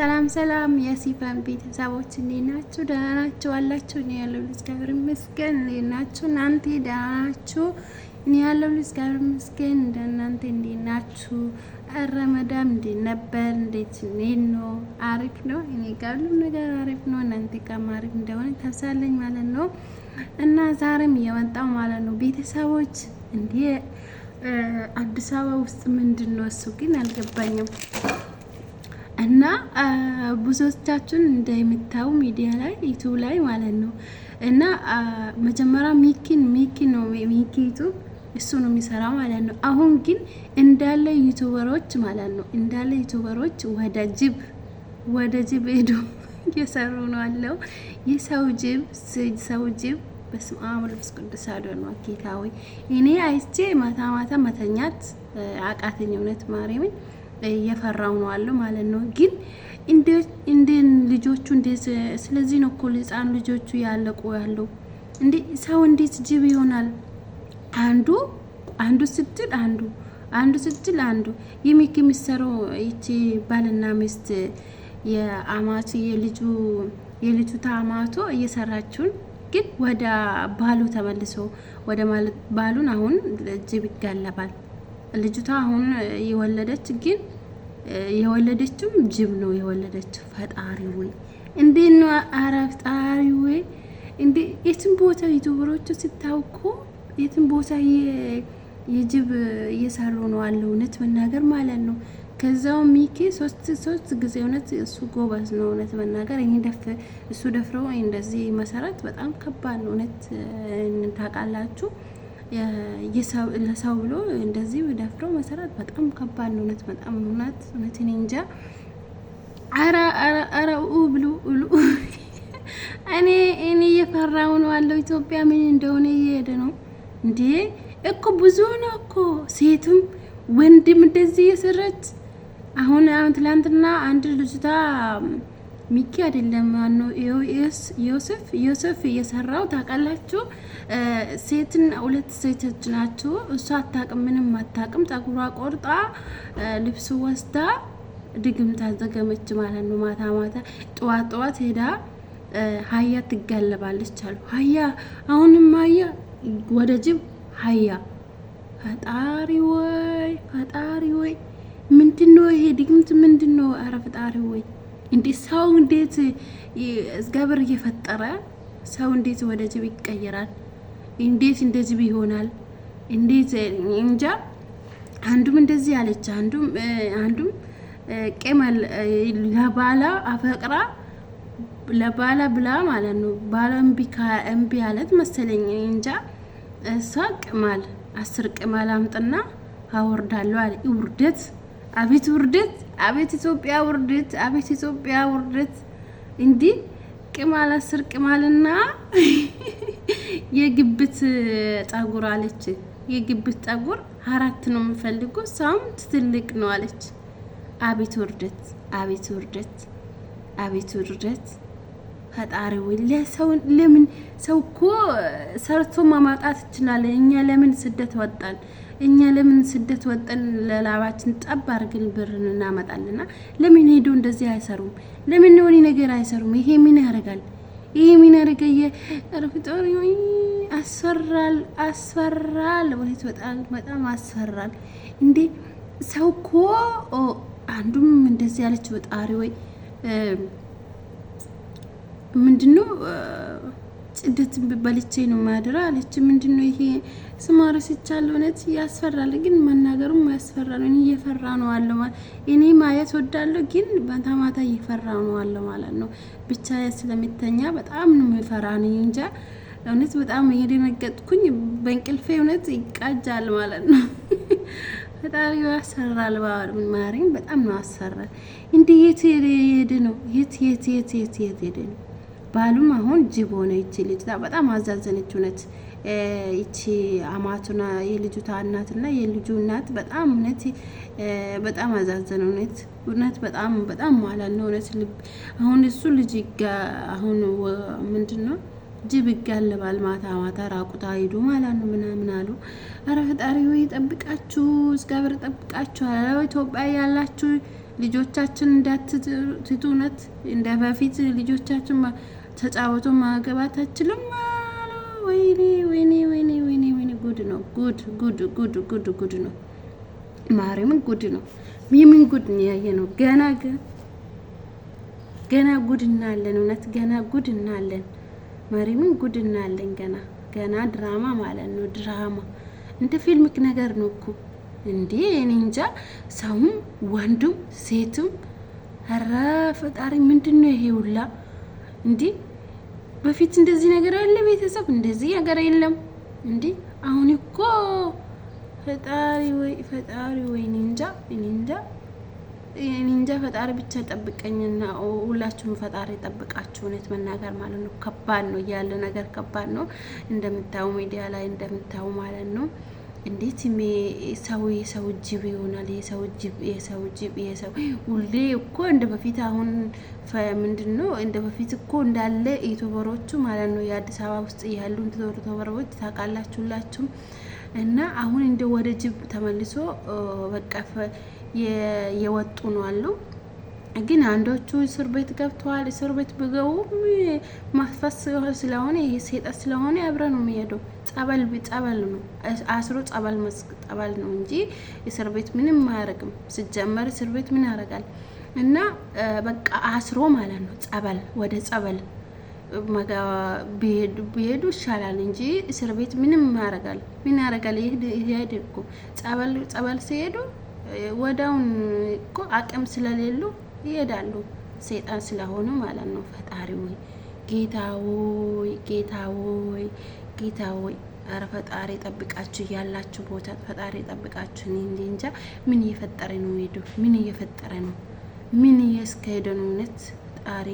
ሰላም ሰላም የሲፈን ቤተሰቦች እንዴት ናችሁ? ደህና ናችሁ አላችሁ? እኔ ያለው ልጅ ጋር ይመስገን። እንዴት ናችሁ እናንተ? ደህና ናችሁ? እኔ ያለው ልጅ ጋር ይመስገን። እንደናንተ እንዴት ናችሁ? ረመዳን እንዴት ነበር? እንዴት ነው? አሪፍ ነው። እኔ ጋር ሁሉም ነገር አሪፍ ነው። እናንተ ጋርም አሪፍ እንደሆነ ተብሳለኝ ማለት ነው። እና ዛሬም የመጣው ማለት ነው ቤተሰቦች እንዴ አዲስ አበባ ውስጥ ምንድን ነው እሱ ግን አልገባኝም። እና ብዙዎቻችን እንደምታዩ ሚዲያ ላይ ዩቱብ ላይ ማለት ነው። እና መጀመሪያ ሚኪን ሚኪ ነው ሚኪ ዩቱብ እሱ ነው የሚሰራው ማለት ነው። አሁን ግን እንዳለ ዩቱበሮች ማለት ነው እንዳለ ዩቱበሮች ወደ ጅብ ወደ ጅብ ሄዱ እየሰሩ ነው አለው። የሰው ጅብ ሰው ጅብ በስመ አብ ወልብስ ቅዱስ አዶ ነው ጌታ ሆይ እኔ አይቼ ማታ ማታ መተኛት አቃተኝ እውነት ማርያምን እየፈራው ነው አለው ማለት ነው። ግን እንደ ልጆቹ ስለዚህ ነው እኮ ህፃን ልጆቹ ያለቁ ያለው እንዴ ሰው እንዴት ጅብ ይሆናል? አንዱ አንዱ ስትል አንዱ አንዱ ስትል አንዱ የሚክ የሚሰራው ይቺ ባልና ሚስት የአማቱ የልጁ የልጁ ታማቶ እየሰራችውን ግን ወደ ባሉ ተመልሶ ወደ ባሉን አሁን ጅብ ይጋለባል። ልጅቷ አሁን የወለደች ግን የወለደችውም ጅብ ነው የወለደችው። ፈጣሪ ወይ እንዴ ነው አረ ፈጣሪ ወይ እንዴ! የትም ቦታ ዩቱበሮቹ ስታውቁ የትም ቦታ የጅብ እየሰሩ ነው አለ። እውነት መናገር ማለት ነው። ከዛው ሚኪ ሶስት ሶስት ጊዜ እውነት እሱ ጎበዝ ነው እውነት መናገር። እኔ ደፍ እሱ ደፍሮ እንደዚህ መሰራት በጣም ከባድ ነው እውነት ታውቃላችሁ። ለሰው ብሎ እንደዚህ ደፍሮ መሰራት በጣም ከባድ ነው። እውነት በጣም እውነት እውነት እኔ እንጃ። አረ አረ ብሉ ብሉ። እኔ እኔ እየፈራሁ ነው ያለው። ኢትዮጵያ ምን እንደሆነ እየሄደ ነው እንዴ? እኮ ብዙ ነው እኮ ሴቱም ወንድም እንደዚህ እየሰራች አሁን ትላንትና አንድ ልጅታ ሚኪ አይደለም ማነው? ዮሴፍ ዮሴፍ እየሰራው ታውቃላችሁ። ሴትን ሁለት ሴቶች ናቸው። እሱ አታውቅም፣ ምንም አታውቅም። ጸጉሯ ቆርጣ ልብስ ወስዳ ድግም ታዘገመች ማለት ነው። ማታ ማታ ጠዋት ጠዋት ሄዳ ሀያ ትጋለባለች አሉ። ሀያ አሁንም ሀያ ወደ ጅብ ሀያ ፈጣሪ ወይ ፈጣሪ ወይ ምንድን ነው ይሄ ድግምት ምንድን ነው? አረ ፈጣሪ ወይ እንዴ ሰው እንዴት እግዚአብሔር እየፈጠረ ሰው እንዴት ወደ ጅብ ይቀየራል? እንዴት እንደ ጅብ ይሆናል? እንዴት እንጃ። አንዱም እንደዚህ አለች፣ አንዱም አንዱም ቄመል ለባላ አፈቅራ ለባላ ብላ ማለት ነው። ባላ እምቢ አለት መሰለኝ እንጃ። እሷ ቅማል አስር ቅማል አምጥና አወርዳለሁ አለ። ውርደት አቤት ውርደት! አቤት ኢትዮጵያ ውርደት! አቤት ኢትዮጵያ ውርደት! እንዲህ ቅማል አስር ቅማልና የግብት ጠጉር አለች። የግብት ጠጉር አራት ነው የምፈልጉ ሳውንድ ትልቅ ነው አለች። አቤት ውርደት! አቤት ውርደት! አቤት ውርደት! ፈጣሪ ወይ ለሰው ለምን ሰው እኮ ሰርቶ ማማጣት ይችላል። እኛ ለምን ስደት ወጣን? እኛ ለምን ስደት ወጠን ለላባችን ጠብ አድርገን ብርን እናመጣለና ለምን ሄዶ እንደዚህ አይሰሩም? ለምን የሆነ ነገር አይሰሩም? ይሄ ምን ያደርጋል? ይሄ ምን ያደርገየ ርፍጦሪ አስፈራል፣ አስፈራል። ወይት በጣም በጣም አስፈራል። እንዴ ሰው እኮ አንዱም እንደዚህ ያለች በጣሪ ወይ ምንድነው እንዴት በልቼ ነው ማድራ አለች። ምንድን ነው ይሄ ስማሮ ሲቻል እውነት ያስፈራል፣ ግን መናገሩም ያስፈራል። እኔ እየፈራ ነው አለ ማለት እኔ ማየት ወዳለሁ፣ ግን በታማታ እየፈራ ነው አለ ማለት ነው። ብቻ ስለሚተኛ በጣም ነው የሚፈራ ነው እንጃ። እውነት በጣም እየደነገጥኩኝ በእንቅልፌ እውነት ይቃጃል ማለት ነው። ፈጣሪ ያሰራል። ማሪም በጣም ነው አሰራል። እንዲህ የት ሄደ ነው? የት የት የት የት የት ነው? ባሉም አሁን ጅብ ሆነ። ይቺ ልጅ በጣም አዛዘነች እውነት። ይቺ አማቱና የልጁታ እናትና የልጁ እናት በጣም እውነት በጣም አዛዘነ እውነት እውነት በጣም በጣም ማለት ነው እውነት። አሁን እሱ ልጅ ይጋ አሁን ምንድን ነው ጅብ ይጋለባል ማታ ማታ ራቁታ ሂዱ ማለት ነው ምናምን አሉ። ኧረ ፈጣሪ ወይ ጠብቃችሁ፣ እግዚአብሔር ጠብቃችሁ። ኧረ ኢትዮጵያ ያላችሁ ልጆቻችን እንዳትትቱ እውነት እንደ በፊት ልጆቻችን ተጫወቶ ማግባት አችልም አሉ። ወይኔ ወይኔ ወይኔ ወይኔ ወይኔ ጉድ ነው ጉድ ጉድ ጉድ ጉድ ጉድ ነው። ማርያምን ጉድ ነው። የምን ጉድ ነው ያየ ነው። ገና ገና ጉድ እናለን። እውነት ገና ጉድ እናለን። ማርያምን ጉድ እናለን። ገና ገና ድራማ ማለት ነው። ድራማ እንደ ፊልም ነገር ነው እኮ እንዴ! እኔ እንጃ። ሰውም ወንዱም ሴቱም፣ ኧረ ፈጣሪ ምንድን ነው ይሄ ሁላ እንዲህ በፊት እንደዚህ ነገር አለ፣ ቤተሰብ እንደዚህ ነገር የለም። እንዴ አሁን እኮ ፈጣሪ ወይ ፈጣሪ ወይ ኒንጃ ኒንጃ ኒንጃ ፈጣሪ ብቻ ጠብቀኝና ሁላችሁም ፈጣሪ ጠብቃችሁ እውነት መናገር ማለት ነው። ከባድ ነው ያለ ነገር ከባድ ነው። እንደምታዩ ሚዲያ ላይ እንደምታዩ ማለት ነው። እንዴት ሰው የሰው ጅብ ይሆናል? የሰው ጅብ የሰው ጅብ የሰው ሁሌ እኮ እንደ በፊት አሁን ምንድን ነው እንደ በፊት እኮ እንዳለ ኢትዮበሮቹ ማለት ነው የአዲስ አበባ ውስጥ ያሉ ኢትዮበሮች ታውቃላችሁላችሁም እና አሁን እንደ ወደ ጅብ ተመልሶ በቃ የወጡ ነው አለው ግን አንዶቹ እስር ቤት ገብተዋል። እስር ቤት ቢገቡ ማስፈስ ስለሆነ ይሄ ሴጠት ስለሆነ አብረ ነው የሚሄደው። ጸበል ጸበል ነው አስሮ ጸበል ጸበል ነው እንጂ እስር ቤት ምንም አያረግም? ሲጀመር እስር ቤት ምን ያደረጋል እና በቃ አስሮ ማለት ነው ጸበል ወደ ጸበል ቢሄዱ ይሻላል እንጂ እስር ቤት ምንም ያደርጋል? ምን ያደርጋል? ይሄድ እኮ ጸበል ጸበል ሲሄዱ ወዳውን እኮ አቅም ስለሌሉ ይሄዳሉ። ሰይጣን ስለሆኑ ማለት ነው። ፈጣሪ ወይ ጌታ ወይ ጌታ ወይ ጌታ ወይ አረ ፈጣሪ ጠብቃችሁ ያላችሁ ቦታ ፈጣሪ ጠብቃችሁ። እኔ እንጃ ምን እየፈጠረ ነው ሄዶ ምን እየፈጠረ ነው ምን እያስካሄደ ነው እውነት ፈጣሪ